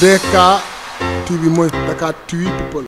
DK TV mooy Dakar TV people